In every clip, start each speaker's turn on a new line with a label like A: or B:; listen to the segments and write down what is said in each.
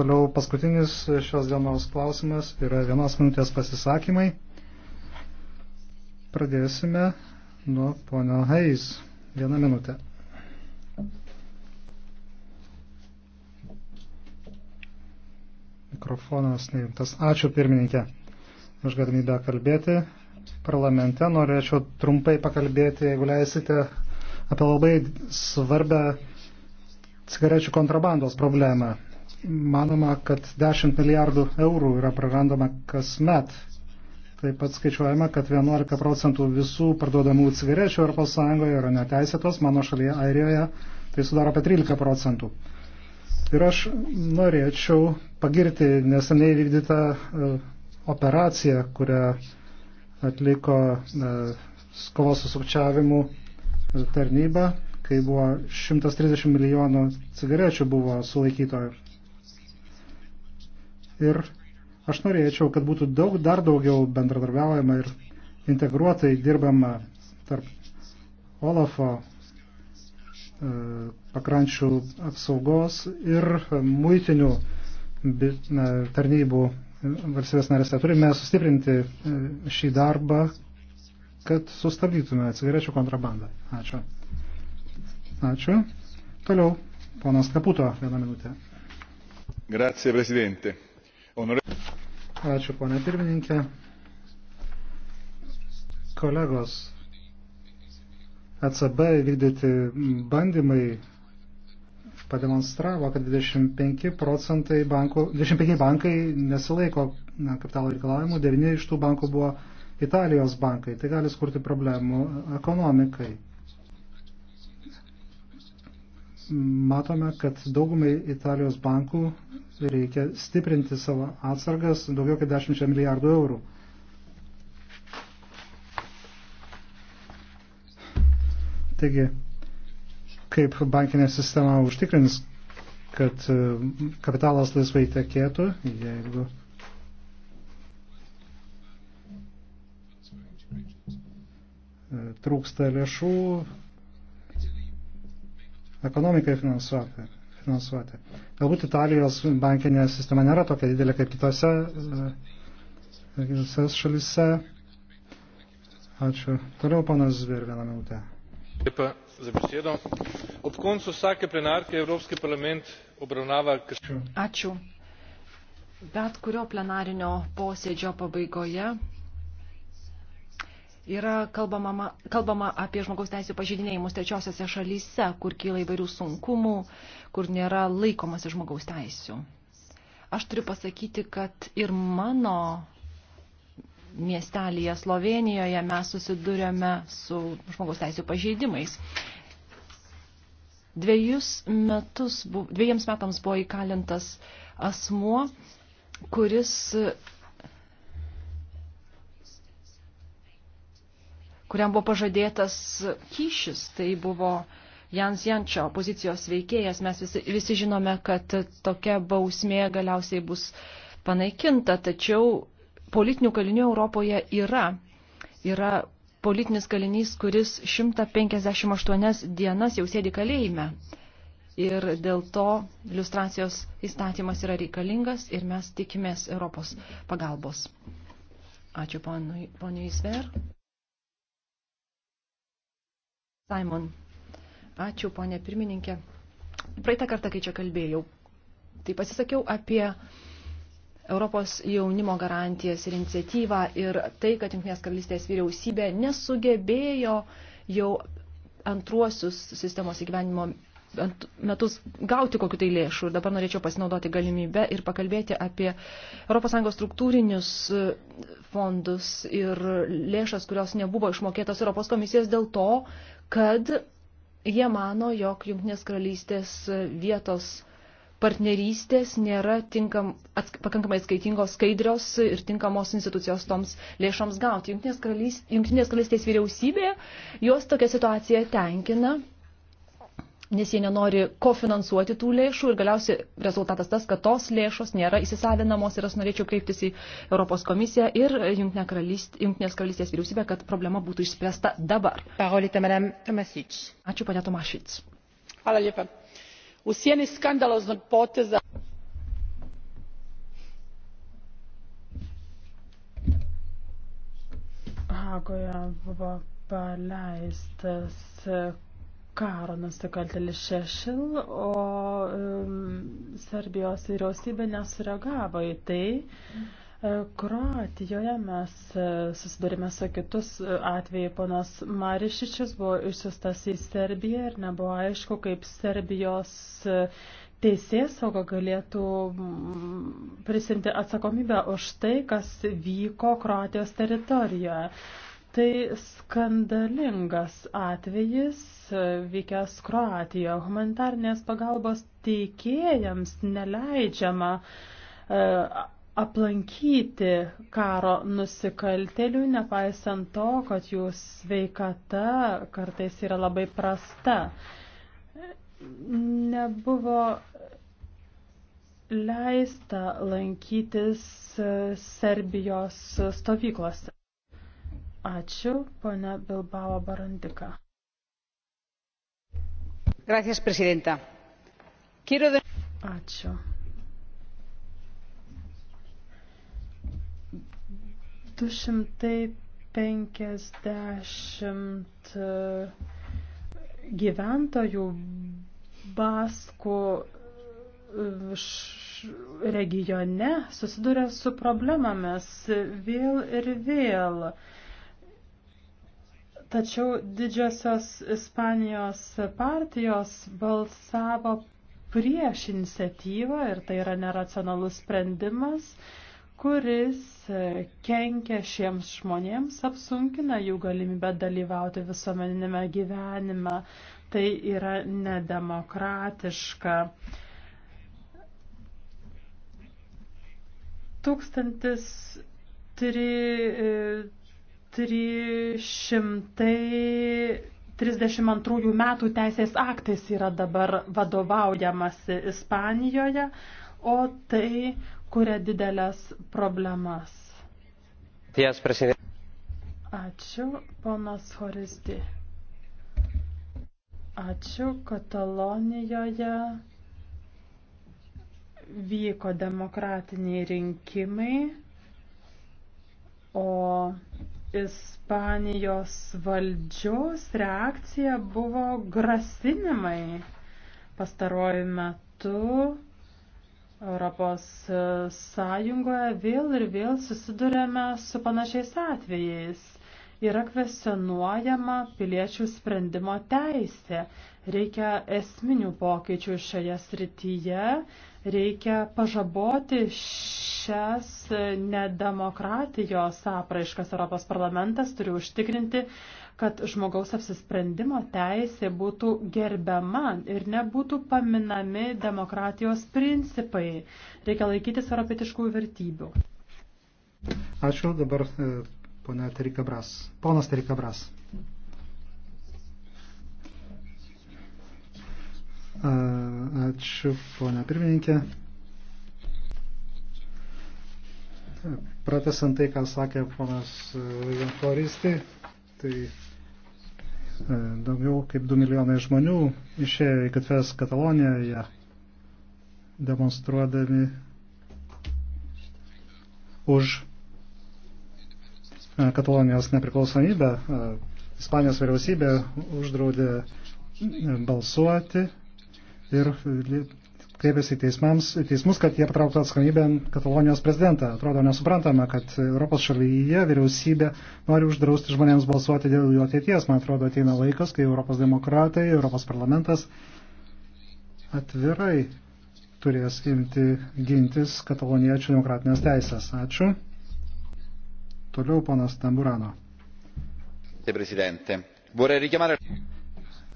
A: Toliau paskutinis šios dienos klausimas yra vienos minutės pasisakymai. Pradėsime nuo ponio Heis. Vieną minutę. Mikrofonas neimtas. Ačiū pirmininkė už galimybę kalbėti. Parlamente norėčiau trumpai pakalbėti, jeigu leisite, apie labai svarbę cigarečių kontrabandos problemą manoma, kad 10 milijardų eurų yra prarandama kasmet. Taip pat skaičiuojama, kad 11 procentų visų parduodamų cigarečių ES yra neteisėtos, mano šalyje Airijoje tai sudaro apie 13 procentų. Ir aš norėčiau pagirti neseniai vykdytą e, operaciją, kurią atliko e, kovos su sukčiavimu tarnyba, kai buvo 130 milijonų cigarečių buvo sulaikytojų. Ir aš norėčiau, kad būtų daug, dar daugiau bendradarbiaujama ir integruotai dirbama tarp Olafo e, pakrančių apsaugos ir muitinių tarnybų valstybės narėse. Turime sustiprinti e, šį darbą, kad sustabdytume cigarečių kontrabandą. Ačiū. Ačiū. Toliau, ponas Kaputo, vieną minutę. Grazie, prezidente. Ačiū, ponė pirmininkė. Kolegos, ECB vykdyti bandymai pademonstravo, kad 25 procentai bankų, 25 bankai nesilaiko kapitalo reikalavimų, 9 iš tų bankų buvo Italijos bankai. Tai gali skurti problemų ekonomikai matome, kad daugumai Italijos bankų reikia stiprinti savo atsargas daugiau kaip 10 milijardų eurų. Taigi, kaip bankinė sistema užtikrins, kad e, kapitalas laisvai tekėtų, jeigu e, trūksta lėšų, ekonomikai finansuoti. finansuoti. Galbūt Italijos bankinė sistema nėra tokia didelė kaip kitose, e, kitose šalise. Ačiū. Toliau panas Zver vieną minutę. Lepa za besedo. Ob koncu vsake plenarke Evropski parlament obravnava kršitev.
B: Ačiū. Bet kurio plenarinio posėdžio pabaigoje yra kalbama, kalbama apie žmogaus teisų pažydinėjimus trečiosiose šalyse, kur kyla įvairių sunkumų, kur nėra laikomasi žmogaus teisų. Aš turiu pasakyti, kad ir mano miestelėje Slovenijoje mes susidurėme su žmogaus teisų pažeidimais. Dviejus metus, dviejams metams buvo įkalintas asmuo, kuris kuriam buvo pažadėtas kyšis. Tai buvo Jans Jančio opozicijos veikėjas. Mes visi, visi žinome, kad tokia bausmė galiausiai bus panaikinta, tačiau politinių kalinių Europoje yra. Yra politinis kalinys, kuris 158 dienas jau sėdi kalėjime. Ir dėl to iliustracijos įstatymas yra reikalingas ir mes tikimės Europos pagalbos. Ačiū ponui, ponui Isver. Simon. Ačiū, ponė pirmininkė. Praeitą kartą, kai čia kalbėjau, tai pasisakiau apie Europos jaunimo garantijas ir iniciatyvą ir tai, kad Junktinės karalystės vyriausybė nesugebėjo jau antruosius sistemos įgyvenimo metus gauti kokiu tai lėšų. Ir dabar norėčiau pasinaudoti galimybę ir pakalbėti apie ES struktūrinius e, fondus ir lėšas, kurios nebuvo išmokėtos Europos komisijos dėl to, kad jie mano, jog Junktinės karalystės vietos partnerystės nėra tinkam, ats, pakankamai skaitingos, skaidrios ir tinkamos institucijos toms lėšoms gauti. Junktinės, karalys, Junktinės karalystės vyriausybė juos tokia situacija tenkina nes jie nenori kofinansuoti tų lėšų ir galiausiai rezultatas tas, kad tos lėšos nėra įsisavinamos ir aš norėčiau kreiptis į Europos komisiją ir Junktinės karalystės, karalystės vyriausybę, kad problema būtų išspręsta dabar. Parolite, Ačiū, panė Tomašic.
C: Hvala lijepa. U sjeni skandaloznog poteza Hagoje buvo paleistas karo nusikaltėlis Šešil, o um, Serbijos vyriausybė nesureagavo į tai. E, Kroatijoje mes e, susidurime su kitus e, atveju. Ponas Marišičius buvo išsiustas į Serbiją ir nebuvo aišku, kaip Serbijos teisės sauga galėtų prisimti atsakomybę už tai, kas vyko Kroatijos teritorijoje. Tai skandalingas atvejis vykęs Kroatijoje. Humanitarnės pagalbos teikėjams neleidžiama e, aplankyti karo nusikaltelių, nepaisant to, kad jų sveikata kartais yra labai prasta. Nebuvo leista lankytis Serbijos stovyklose. Ačiū, ponia Bilbao Barandika. Gracias, presidenta. Quiero de... Ačiū. Du šimtai penkiasdešimt e, gyventojų Baskų e, regione susiduria su problemomis vėl ir vėl. Tačiau didžiosios Ispanijos partijos balsavo prieš iniciatyvą ir tai yra neracionalus sprendimas, kuris e, kenkia šiems žmonėms, apsunkina jų galimybę dalyvauti visuomeninėme gyvenime. Tai yra nedemokratiška. 1000 332 metų teisės aktais yra dabar vadovaujamasi Ispanijoje, o tai kuria didelės problemas.
A: Ačiū,
C: ponas Horizdi. Ačiū, Katalonijoje vyko demokratiniai rinkimai, o Ispanijos valdžios reakcija buvo grasinimai pastaruoju metu. Europos Sąjungoje vėl ir vėl susidurėme su panašiais atvejais yra kvesionuojama piliečių sprendimo teisė. Reikia esminių pokyčių šioje srityje, reikia pažaboti šias nedemokratijos apraiškas. Europos parlamentas turi užtikrinti, kad žmogaus apsisprendimo teisė būtų gerbiama ir nebūtų paminami demokratijos principai. Reikia laikytis europietiškų vertybių.
A: Ačiū dabar e, Pone Terikabras. Ponas Terikabras. Ačiū, ponia pirmininkė. Pratesant tai, ką sakė ponas Jankoristai, tai e, daugiau kaip 2 milijonai žmonių išėjo į gatves Katalonijoje demonstruodami už E, Katalonijos nepriklausomybę, e, Ispanijos vyriausybė uždraudė e, balsuoti ir kreipėsi teismams, teismus, kad jie patrauktų atsakomybę Katalonijos prezidentą. Atrodo nesuprantama, kad Europos šalyje vyriausybė nori uždrausti žmonėms balsuoti dėl jų ateities. Man atrodo, ateina laikas, kai Europos demokratai, Europos parlamentas atvirai turės imti gintis kataloniečių demokratinės teisės. Ačiū. Toliau ponas Tamburano.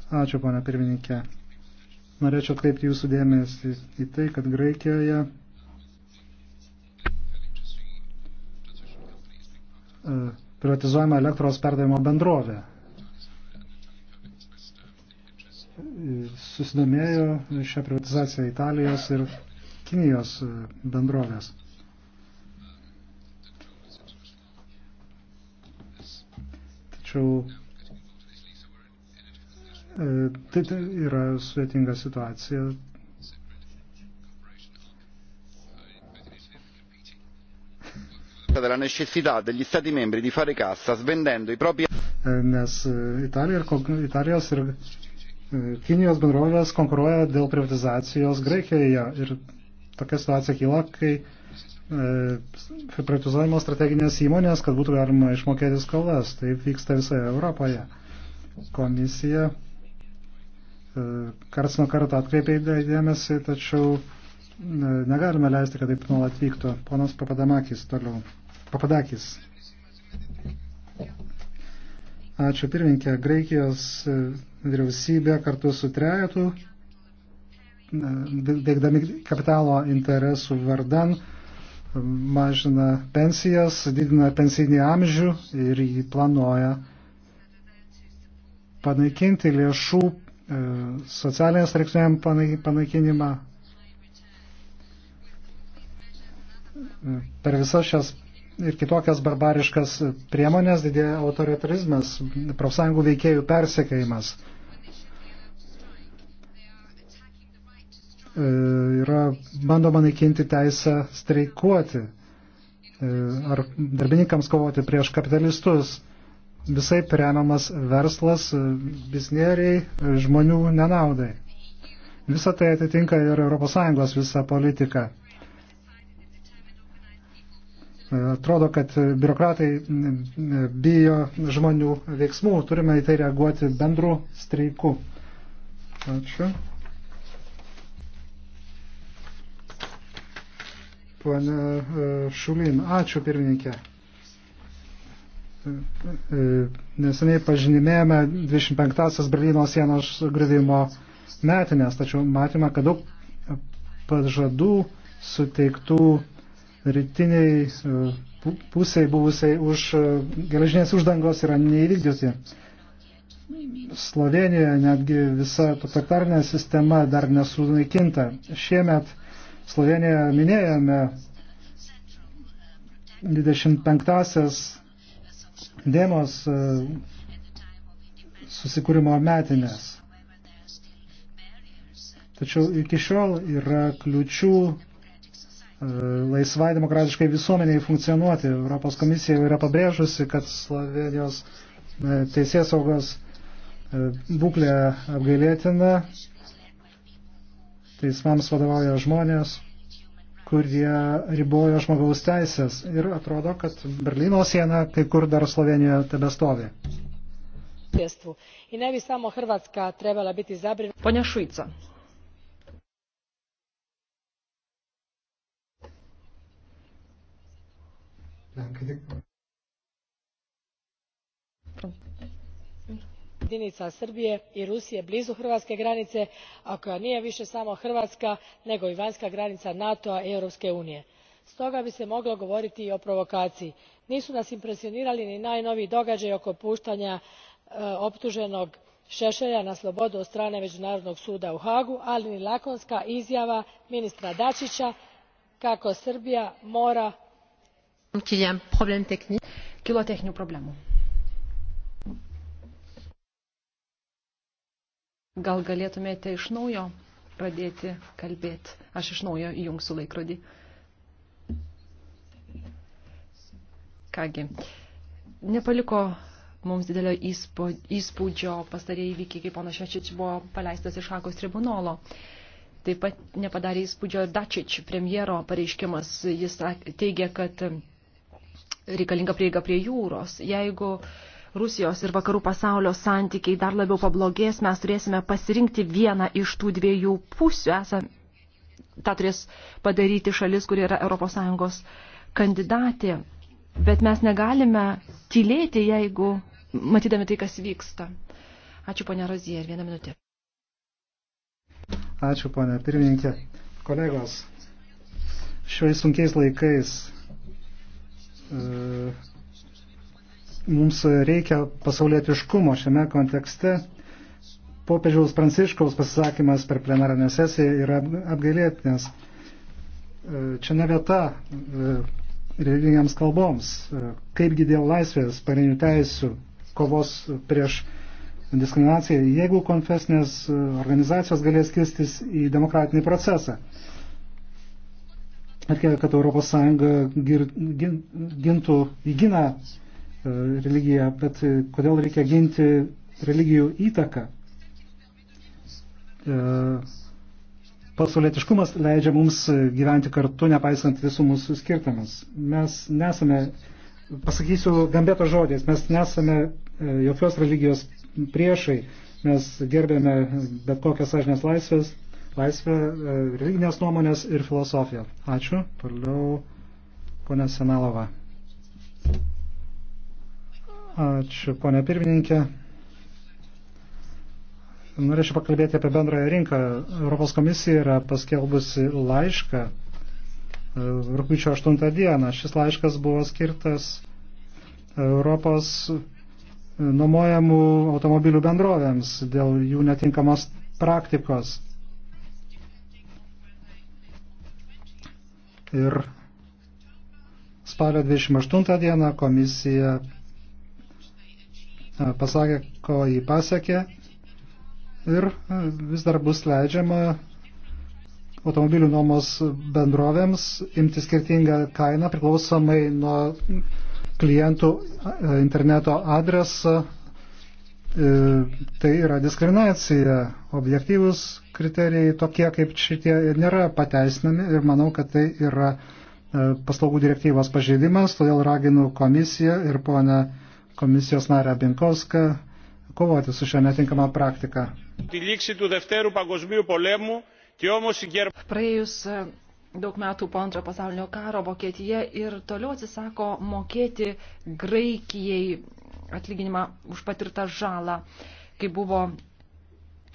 A: Ačiū, ponia pirmininkė. Norėčiau atkreipti jūsų dėmesį į tai, kad Graikijoje e, privatizuojama elektros perdavimo bendrovė. E, susidomėjo šią privatizaciją Italijos ir Kinijos e, bendrovės. tačiau e, tai, tai yra sudėtinga situacija. della necessità degli Stati membri di fare cassa svendendo i propri. E, nes e, Italija ir, Italijos ir Kinijos bendrovės konkuruoja dėl privatizacijos Graikijoje ir tokia situacija kyla, kai E, privatizuojamos strateginės įmonės, kad būtų galima išmokėti skolas. Taip vyksta visoje Europoje. Komisija e, karts nuo karto atkreipia dėmesį, tačiau e, negalime leisti, kad taip nuolat vyktų. Ponas Papadamakis toliau. Papadakis. Ačiū pirminkė. Graikijos vyriausybė kartu su trejetu, veikdami kapitalo interesų vardan, mažina pensijas, didina pensinį amžių ir jį planuoja panaikinti lėšų e, socialinės reikšmėm panaikinimą. E, per visas šias ir kitokias barbariškas priemonės didėja autoritarizmas, profsąjungų veikėjų persekėjimas. E, yra bandoma naikinti teisę streikuoti e, ar darbininkams kovoti prieš kapitalistus. Visai remiamas verslas, e, biznėriai, žmonių nenaudai. Visą tai atitinka ir ES visą politiką. Atrodo, kad biurokratai bijo žmonių veiksmų. Turime į tai reaguoti bendru streiku. Ačiū. Pane e, Šulin, ačiū pirmininkė. E, neseniai pažinimėjome 25-asias Berlyno sienos grįvimo metinės, tačiau matėme, kad daug pažadų suteiktų rytiniai e, pusiai buvusiai už geležinės uždangos yra neįvykdyti. Slovenijoje netgi visa totalitarinė sistema dar nesunaikinta. Šiemet Slovenijoje minėjome 25-asias dėmos e, susikūrimo metinės. Tačiau iki šiol yra kliučių e, laisvai demokratiškai visuomeniai funkcionuoti. Europos komisija yra pabrėžusi, kad Slovenijos e, teisės saugos būklė apgailėtina teismams tai vadovauja žmonės, kurie ribojo žmogaus teisės. Ir atrodo, kad Berlyno siena kai kur dar Slovenijoje tebestovi.
C: Pone Šuica. Lenkai tik jedinica srbije i rusije blizu hrvatske granice a koja nije više samo hrvatska nego i vanjska granica nato a i europske unije. stoga bi se moglo govoriti i o provokaciji. nisu nas impresionirali ni najnoviji događaji oko puštanja e, optuženog šešelja na slobodu od strane međunarodnog suda u haagu ali ni lakonska izjava ministra dačića kako srbija mora
B: kilo techninių problemų Gal galėtumėte iš naujo pradėti kalbėti? Aš iš naujo įjungsiu laikrodį. Kągi, nepaliko mums didelio įspūdžio pastarėjai įvykiai, kai ponas Šečič buvo paleistas iš Hakos tribunolo. Taip pat nepadarė įspūdžio ir Dačič, premjero pareiškimas. Jis teigia, kad reikalinga prieiga prie jūros. Jeigu uh, Rusijos ir vakarų pasaulio santykiai dar labiau pablogės, mes turėsime pasirinkti vieną iš tų dviejų pusių. Esam, tą turės padaryti šalis, kuri yra ES kandidatė. Bet mes negalime tylėti, jeigu matydami tai, kas vyksta. Ačiū, ponia Rozija, ir vieną minutę.
A: Ačiū, ponia pirmininkė. Kolegos, šiais sunkiais laikais e mums reikia pasaulietiškumo šiame kontekste. Popiežiaus Pranciškaus pasisakymas per plenarinę sesiją yra apgailėtinas. E, čia ne vieta e, religiniams kalboms, e, kaipgi dėl laisvės, parinių teisių, kovos prieš diskriminaciją, jeigu konfesinės organizacijos galės kistis į demokratinį procesą. Atkia, kad ES gintų, įgina E, religiją, bet e, kodėl reikia ginti religijų įtaką? E, pasaulietiškumas leidžia mums gyventi kartu, nepaisant visų mūsų skirtumus. Mes nesame, pasakysiu gambeto žodės, mes nesame jokios religijos priešai, mes gerbėme bet kokias sąžinės laisvės, laisvę, religinės nuomonės ir filosofiją. Ačiū. Toliau, ponia Senalova. Ačiū, ponė pirmininkė. Norėčiau pakalbėti apie bendrąją rinką. Europos komisija yra paskelbusi laišką e, rūpiučio 8 dieną. Šis laiškas buvo skirtas Europos e, nuomojamų automobilių bendrovėms dėl jų netinkamos praktikos. Ir spalio 28 dieną komisija pasakė, ko jį pasiekė ir e, vis dar bus leidžiama automobilių nuomos bendrovėms imti skirtingą kainą priklausomai nuo klientų e, interneto adresą. E, tai yra diskriminacija. Objektyvus kriterijai tokie kaip šitie nėra pateisinami ir manau, kad tai yra paslaugų direktyvos pažeidimas, todėl raginu komisiją ir ponę komisijos narę Binkovską kovoti su šią netinkamą praktiką.
B: Praėjus e, daug metų po antrojo pasaulinio karo Vokietija ir toliau atsisako mokėti Graikijai atlyginimą už patirtą žalą, kai buvo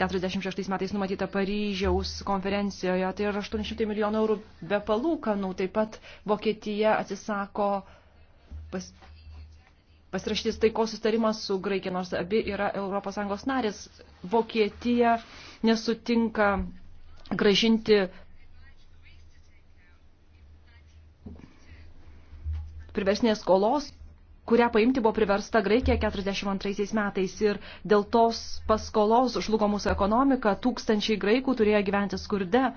B: 46 metais numatyta Paryžiaus konferencijoje, tai yra 800 milijonų eurų be palūkanų, taip pat Vokietija atsisako pas, pasirašytis taikos sustarimas su Graikija, nors abi yra ES narės. Vokietija nesutinka gražinti priversnės skolos, kurią paimti buvo priversta Graikija 42 metais ir dėl tos paskolos žlugo mūsų ekonomika, tūkstančiai graikų turėjo gyventi skurde,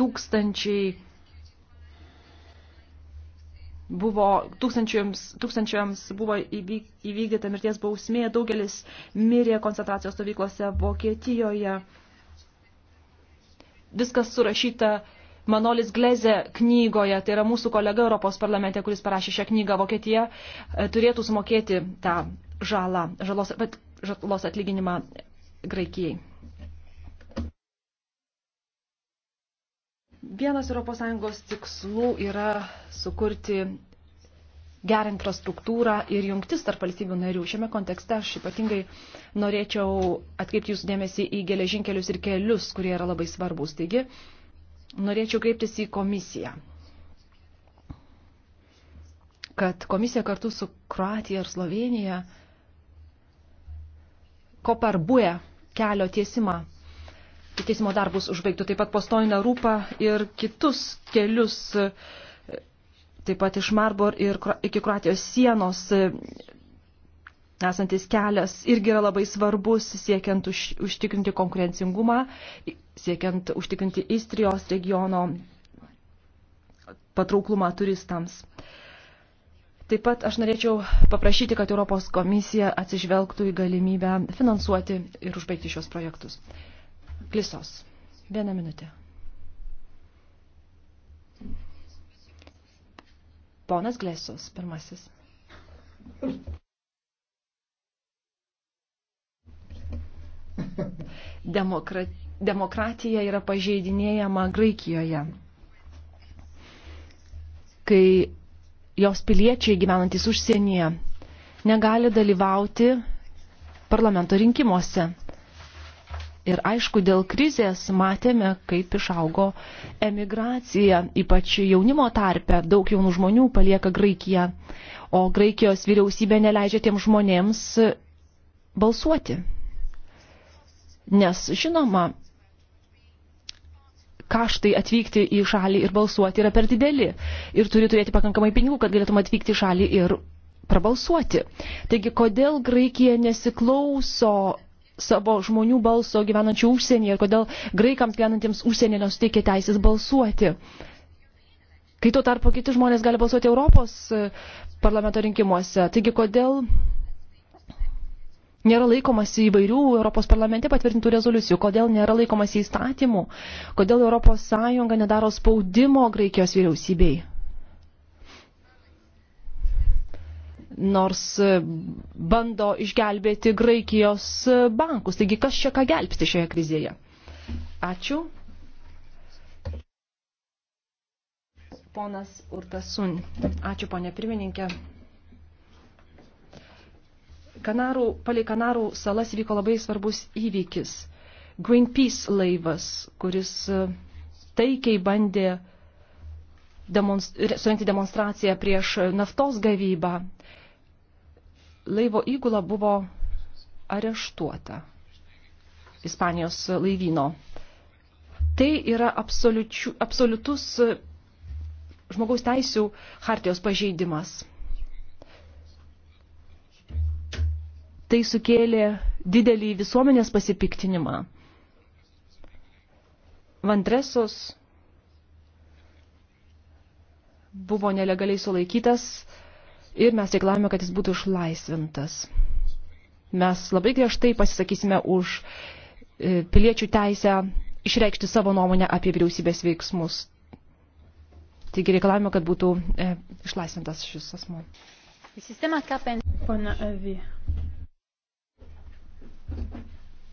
B: tūkstančiai buvo tūkstančiams, tūkstančiams buvo įvyk, įvykdyta mirties bausmė, daugelis mirė koncentracijos stovyklose Vokietijoje. Viskas surašyta Manolis Gleze knygoje, tai yra mūsų kolega Europos parlamente, kuris parašė šią knygą, Vokietija e, turėtų sumokėti tą žalą, žalos, žalos atlyginimą Graikijai. Vienas ES tikslų yra sukurti gerą infrastruktūrą ir jungtis tarp valstybių narių. Šiame kontekste aš ypatingai norėčiau atkreipti jūsų dėmesį į geležinkelius ir kelius, kurie yra labai svarbus. Taigi, norėčiau kreiptis į komisiją, kad komisija kartu su Kroatija ir Slovenija Koparbuje kelio tiesimą teismo darbus užbaigtų. Taip pat Postoina Rūpa ir kitus kelius, taip pat iš Marbor ir iki Kroatijos sienos esantis kelias irgi yra labai svarbus, siekiant už, užtikrinti konkurencingumą, siekiant užtikrinti Istrijos regiono patrauklumą turistams. Taip pat aš norėčiau paprašyti, kad Europos komisija atsižvelgtų į galimybę finansuoti ir užbaigti šios projektus. Glisos. Vieną minutę. Ponas Glesos, pirmasis. Demokrat, demokratija yra pažeidinėjama Graikijoje, kai jos piliečiai gyvenantis užsienyje negali dalyvauti parlamento rinkimuose. Ir aišku, dėl krizės matėme, kaip išaugo emigracija, ypač jaunimo tarpe. Daug jaunų žmonių palieka Graikiją, o Graikijos vyriausybė neleidžia tiem žmonėms balsuoti. Nes, žinoma, kaštai atvykti į šalį ir balsuoti yra per dideli. Ir turi turėti pakankamai pinigų, kad galėtum atvykti į šalį ir prabalsuoti. Taigi, kodėl Graikija nesiklauso savo žmonių balso gyvenančių užsienyje ir kodėl graikams gyvenantiems užsienyje nesuteikia teisės balsuoti. Kai tuo tarpu kiti žmonės gali balsuoti Europos e, parlamento rinkimuose. Taigi kodėl nėra laikomasi įvairių Europos parlamente patvirtintų rezoliucijų, kodėl nėra laikomasi įstatymų, kodėl Europos Sąjunga nedaro spaudimo Graikijos vyriausybei. nors e, bando išgelbėti Graikijos e, bankus. Taigi kas čia ką gelbsti šioje krizėje? Ačiū. Ponas Urtasun. Ačiū, ponė pirmininkė. Kanarų, palei Kanarų salas vyko labai svarbus įvykis. Greenpeace laivas, kuris e, taikiai bandė demonst surengti demonstraciją prieš naftos gavybą laivo įgula buvo areštuota Ispanijos laivyno. Tai yra absoliučių, absoliutus žmogaus teisių hartijos pažeidimas. Tai sukėlė didelį visuomenės pasipiktinimą. Vandresos buvo nelegaliai sulaikytas ir mes reikalavome, kad jis būtų išlaisvintas. Mes labai griežtai pasisakysime už e, piliečių teisę išreikšti savo nuomonę apie vyriausybės veiksmus. Taigi reikalavome, kad būtų e, išlaisvintas šis asmo.
C: Sistema KPN. Pana Avi.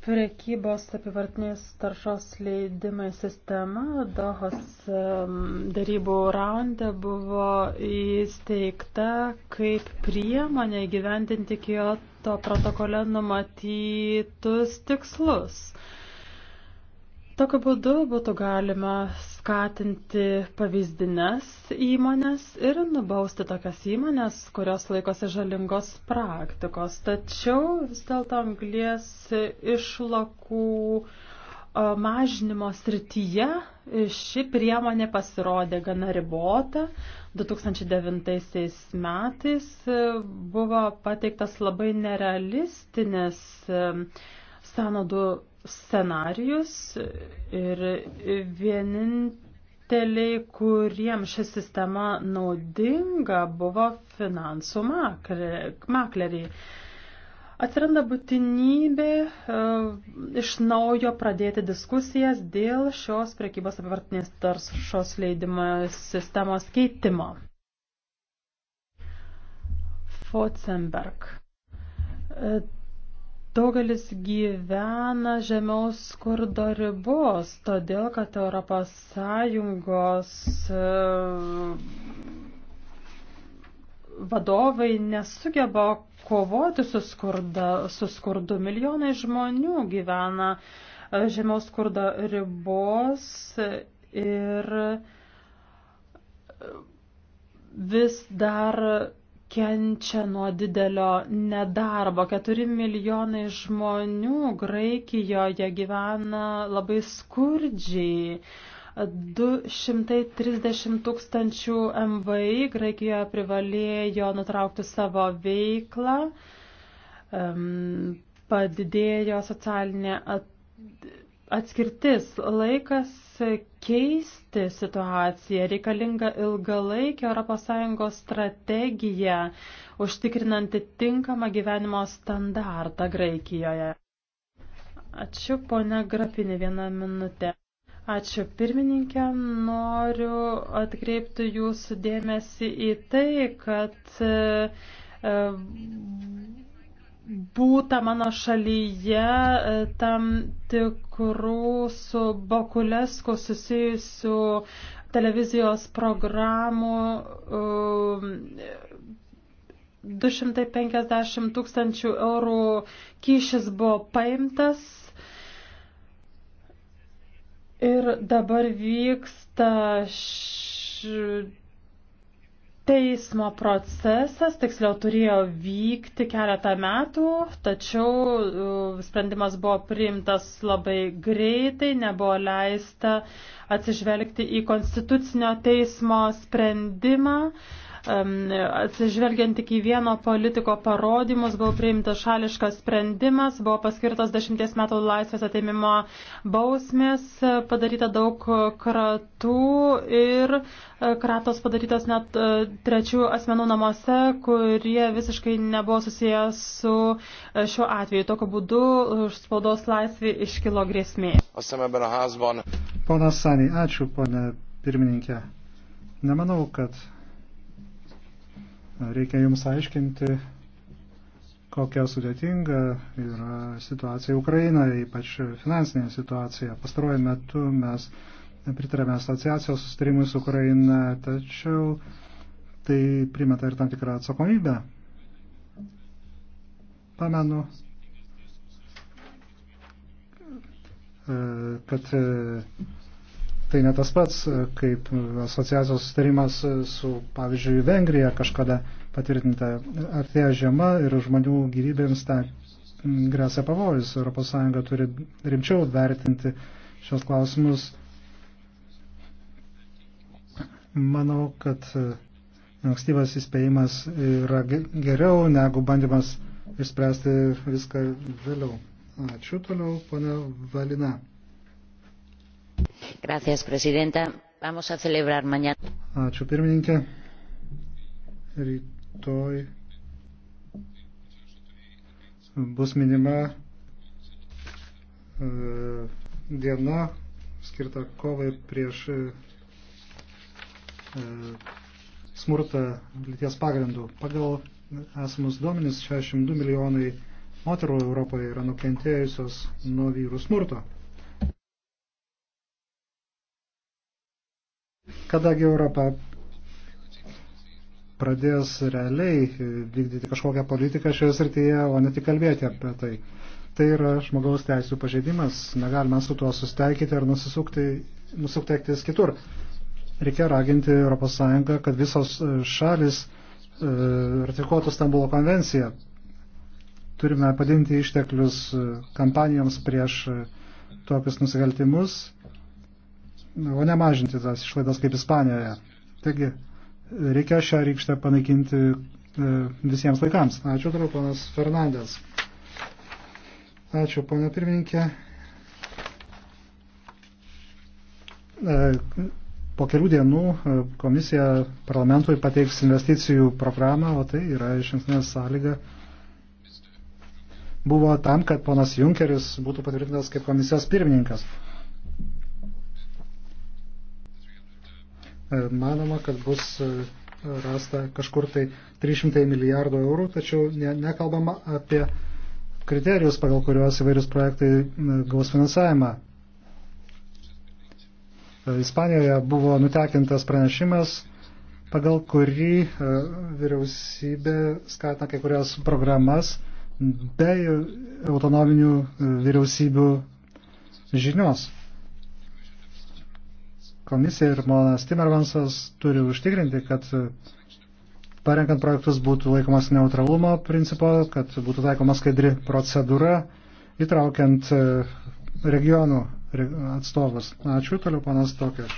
C: Prekybos apivartinės taršos leidimai sistema Dohos darybų raunde buvo įsteigta kaip priemonė gyventinti Kyoto protokole numatytus tikslus. Tokiu būdu būtų galima skatinti pavyzdines įmonės ir nubausti tokias įmonės, kurios laikosi žalingos praktikos. Tačiau vis dėlto anglies išlakų mažinimo srityje ši priemonė pasirodė gana ribota. 2009 metais e, buvo pateiktas labai nerealistinis e, sąnaudų scenarius ir vieninteliai, kuriems ši sistema naudinga, buvo finansų makleriai. Atsiranda būtinybė e, iš naujo pradėti diskusijas dėl šios prekybos apivartinės taršos leidimo sistemos keitimo. Fotzenberg. E, Daugelis gyvena žemiaus skurdo ribos, todėl kad Europos Sąjungos e, vadovai nesugeba kovoti su, skurda, su skurdu. Milijonai žmonių gyvena e, žemiaus skurdo ribos ir e, vis dar kenčia nuo didelio nedarbo. 4 milijonai žmonių Graikijoje gyvena labai skurdžiai. 230 tūkstančių MVI Graikijoje privalėjo nutraukti savo veiklą. Um, padidėjo socialinė at atskirtis, laikas keisti situaciją, reikalinga ilgalaikė ES strategija, užtikrinanti tinkamą gyvenimo standartą Graikijoje. Ačiū, ponia Grapinė, vieną minutę. Ačiū pirmininkė, noriu atkreipti jūsų dėmesį į tai, kad e, būta mano šalyje e, tam tikrų su Bokulesku susijusių televizijos programų. 250 e, tūkstančių eurų kyšis buvo paimtas ir dabar vyksta š Teismo procesas tiksliau turėjo vykti keletą metų, tačiau sprendimas buvo priimtas labai greitai, nebuvo leista atsižvelgti į konstitucinio teismo sprendimą. Atsižvelgiant tik į vieno politiko parodymus, buvo priimtas šališkas sprendimas, buvo paskirtas dešimties metų laisvės ateimimo bausmės, padaryta daug kratų ir e, kratos padarytos net e, trečių asmenų namuose, kurie visiškai nebuvo susijęs su e, šiuo atveju. Tokiu būdu spaudos laisvė iškilo grėsmė.
A: Ponas Sanį, ačiū, ponė pirmininkė. Nemanau, kad Reikia jums aiškinti, kokia sudėtinga yra situacija Ukrainoje, ypač finansinė situacija. Pastaruoju metu mes pritarėme asociacijos sustarimui su Ukraina, tačiau tai primeta ir tam tikrą atsakomybę. Pamenu, e, kad e, tai ne tas pats, e, kaip asociacijos sustarimas e, su, pavyzdžiui, Vengrija kažkada patvirtinta. Artėja žiema ir žmonių gyvybėms ta grėsia pavojus. ES turi rimčiau vertinti šios klausimus. Manau, kad e, ankstyvas įspėjimas yra geriau negu bandymas išspręsti viską vėliau. Ačiū toliau, ponia Valina.
C: Gracias, presidenta. Vamos a celebrar mañana.
A: Ačiū pirmininkė. Rytoj bus minima e, diena skirta kovai prieš e, smurtą lyties pagrindų. Pagal esamus duomenis 62 milijonai moterų Europoje yra nukentėjusios nuo vyrų smurto. Kadangi Europa pradės realiai vykdyti kažkokią politiką šioje srityje, o ne tik kalbėti apie tai. Tai yra žmogaus teisų pažeidimas, negalime su tuo susitaikyti ar nusisukti, nusuktektis kitur. Reikia raginti ES, kad visos šalis e, ratifikuotų Stambulo konvenciją. Turime padinti išteklius e, kampanijoms prieš e, tokius nusikaltimus o ne mažinti tas išlaidas kaip Ispanijoje. Taigi reikia šią rykštę panaikinti e, visiems laikams. Ačiū toliau, ponas Fernandės. Ačiū, ponė pirmininkė. E, po kelių dienų e, komisija parlamentui pateiks investicijų programą, o tai yra iš anksnės sąlyga. Buvo tam, kad ponas Junkeris būtų patvirtintas kaip komisijos pirmininkas. E, manoma, kad bus e, rasta kažkur tai 300 milijardų eurų, tačiau ne, nekalbama apie kriterijus, pagal kuriuos įvairius projektai e, gaus finansavimą. Ispanijoje buvo nutekintas pranešimas, pagal kurį vyriausybė skatina kai kurias programas be autonominių vyriausybių žinios komisija ir monas Timmermansas turi užtikrinti, kad parenkant projektus būtų laikomas neutralumo principo, kad būtų taikoma skaidri procedūra, įtraukiant e, regionų atstovus. Ačiū, toliau panas Tokio.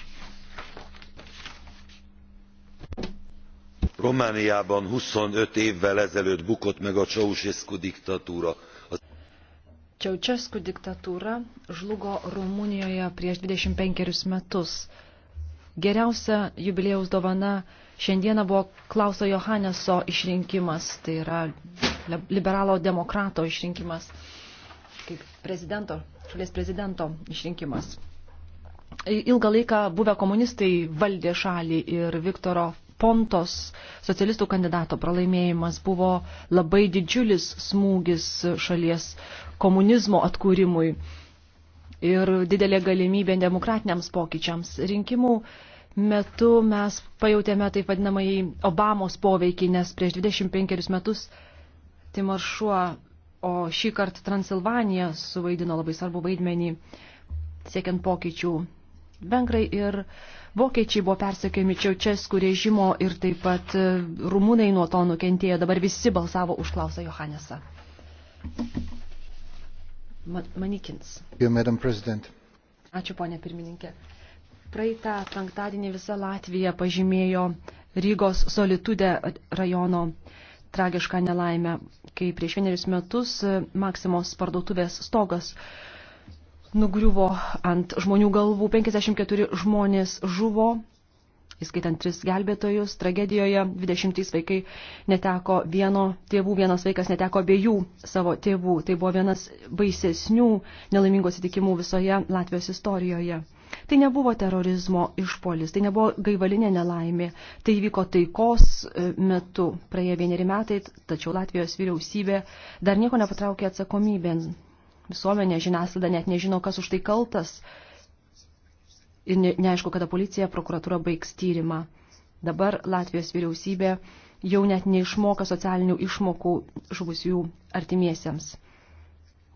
A: Romániában 25 évvel ezelőtt bukott meg a Ceausescu diktatúra.
B: Čiaučiaskų diktatūra žlugo Rumunijoje prieš 25 metus. Geriausia jubilėjaus dovana šiandieną buvo Klauso Johaneso išrinkimas, tai yra liberalo demokrato išrinkimas, kaip prezidento, šalies prezidento išrinkimas. Ilgą laiką buvę komunistai valdė šalį ir Viktoro Pontos socialistų kandidato pralaimėjimas buvo labai didžiulis smūgis šalies komunizmo atkūrimui ir didelė galimybė demokratiniams pokyčiams. Rinkimų metu mes pajautėme taip vadinamąjį Obamos poveikį, nes prieš 25 metus Timor Šuo, o šį kartą Transilvanija suvaidino labai svarbu vaidmenį siekiant pokyčių Vengrai ir vokiečiai buvo persekiami Čiaučeskų režimo ir taip pat e, rumūnai nuo to nukentėjo. Dabar visi balsavo už Klausą Johanesą. Manikins. Ačiū, ponė pirmininkė. Praeitą penktadienį visa Latvija pažymėjo Rygos Solitude rajono tragišką nelaimę, kai prieš vienerius metus e, Maksimos parduotuvės stogas nugriuvo ant žmonių galvų, 54 žmonės žuvo, įskaitant tris gelbėtojus, tragedijoje 20 vaikai neteko vieno tėvų, vienas vaikas neteko abiejų savo tėvų. Tai buvo vienas baisesnių nelaimingų atsitikimų visoje Latvijos istorijoje. Tai nebuvo terorizmo išpolis, tai nebuvo gaivalinė nelaimė, tai vyko taikos e, metu, praėjo vieneri metai, tačiau Latvijos vyriausybė dar nieko nepatraukė atsakomybėn visuomenė, žiniasklaida net nežino, kas už tai kaltas. Ir ne, neaišku, kada policija, prokuratūra baigs tyrimą. Dabar Latvijos vyriausybė jau net neišmoka socialinių išmokų žuvusių artimiesiems.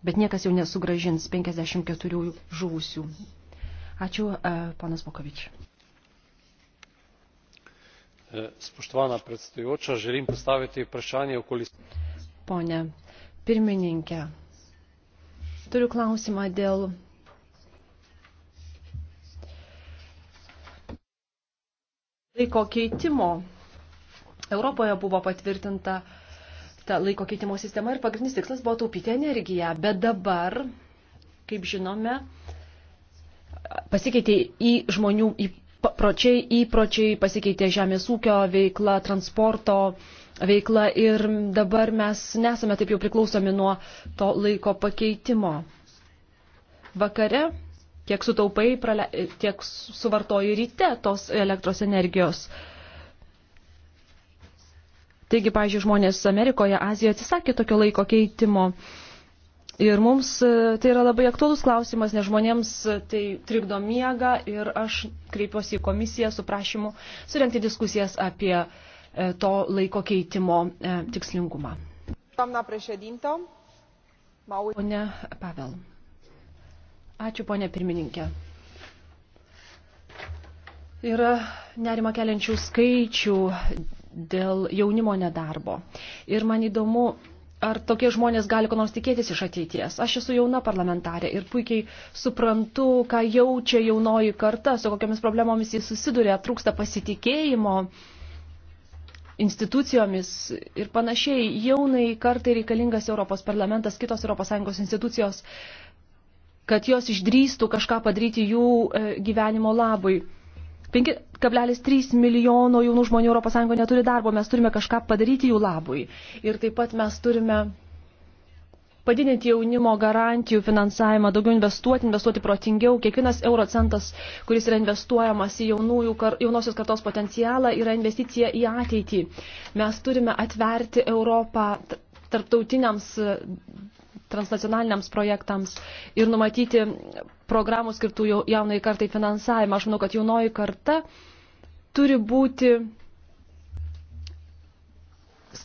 B: Bet niekas jau nesugražins 54 žuvusių. Ačiū, e, panas Bokovič.
A: E, spoštovana predstojoča, želim postaviti vprašanje okoli.
B: Pone pirmininke, Turiu klausimą dėl laiko keitimo. Europoje buvo patvirtinta ta laiko keitimo sistema ir pagrindinis tikslas buvo taupyti energiją. Bet dabar, kaip žinome, pasikeitė į žmonių įpročiai, įpročiai pasikeitė žemės ūkio veikla, transporto veikla ir dabar mes nesame taip jau priklausomi nuo to laiko pakeitimo. Vakare, kiek sutaupai, prale... tiek suvartoji ryte tos elektros energijos. Taigi, pažiūrėjau, žmonės Amerikoje, Azijoje atsisakė tokio laiko keitimo. Ir mums e, tai yra labai aktuolus klausimas, nes žmonėms e, tai trikdo miegą ir aš kreipiuosi į komisiją su prašymu surenkti diskusijas apie uh, E, to laiko keitimo e, tikslingumą. Doamna președintă, mă uit. Pone Pavel. Ačiū, ponė pirmininkė. Yra nerima keliančių skaičių dėl jaunimo nedarbo. Ir man įdomu, ar tokie žmonės gali ko nors tikėtis iš ateities. Aš esu jauna parlamentarė ir puikiai suprantu, ką jaučia jaunoji karta, su kokiamis problemomis jis susiduria, trūksta pasitikėjimo. Uh, institucijomis ir panašiai. Jaunai kartai reikalingas Europos parlamentas, kitos ES institucijos, kad jos išdrįstų kažką padaryti jų e, gyvenimo labui. 5,3 milijono jaunų žmonių ES neturi darbo, mes turime kažką padaryti jų labui. Ir taip pat mes turime padidinti jaunimo garantijų finansavimą, daugiau investuoti, investuoti protingiau. Kiekvienas eurocentas, kuris yra investuojamas į jaunųjų, kar, jaunosios kartos potencialą, yra investicija į ateitį. Mes turime atverti Europą tarptautiniams transnacionaliniams projektams ir numatyti programų skirtų jaunai kartai finansavimą. Aš manau, kad jaunoji karta turi būti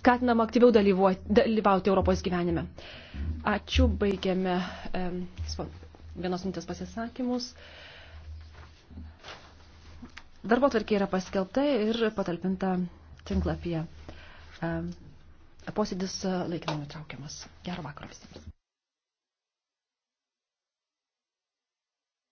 B: skatinam aktyviau dalyvauti Europos gyvenime. Ačiū, baigiame vienos mintės pasisakymus. Darbo tvarkė yra paskelbta ir patalpinta tinklapyje. Posėdis laikinai nutraukiamas. Gero vakaro visiems.